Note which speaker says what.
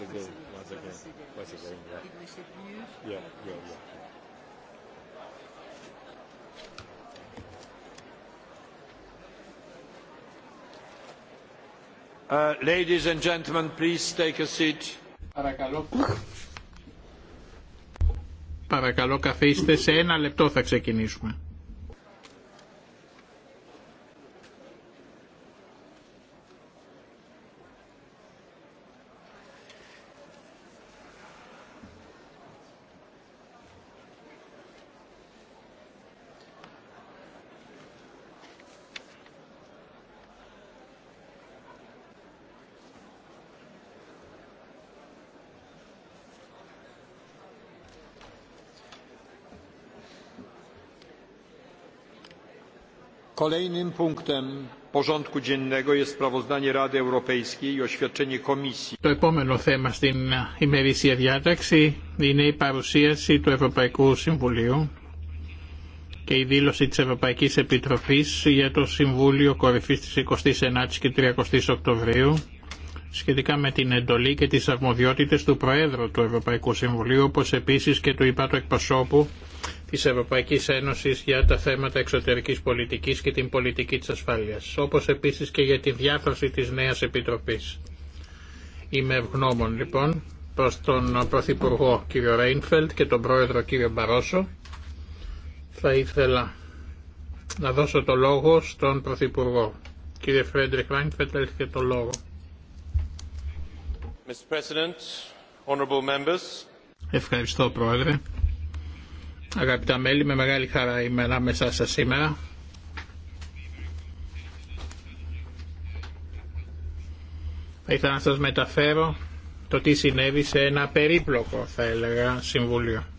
Speaker 1: once again, once again, once again, yeah. Yeah, yeah, yeah. Uh, ladies and gentlemen, please take a seat. Παρακαλώ. Παρακαλώ καθίστε, σε ένα λεπτό θα ξεκινήσουμε. Το επόμενο θέμα στην ημερήσια διάταξη είναι η παρουσίαση του Ευρωπαϊκού Συμβουλίου και η δήλωση της Ευρωπαϊκής Επιτροπής για το Συμβούλιο Κορυφής της 29ης και 30ης Οκτωβρίου σχετικά με την εντολή και τις αρμοδιότητες του Προέδρου του Ευρωπαϊκού Συμβουλίου όπως επίσης και του υπάτου εκπροσώπου της Ευρωπαϊκής Ένωσης για τα θέματα εξωτερικής πολιτικής και την πολιτική της ασφάλειας, όπως επίσης και για τη διάθεση της νέας Επιτροπής. Είμαι ευγνώμων λοιπόν προς τον Πρωθυπουργό κ. Ρέινφελτ και τον Πρόεδρο κ. Μπαρόσο. Θα ήθελα να δώσω το λόγο στον Πρωθυπουργό. Κύριε Φρέντρικ Ράινφελτ, έρχεται το λόγο. Ευχαριστώ, Πρόεδρε. Αγαπητά μέλη, με μεγάλη χαρά είμαι ανάμεσά σας σήμερα. Θα ήθελα να σας μεταφέρω το τι συνέβη σε ένα περίπλοκο, θα έλεγα, συμβούλιο.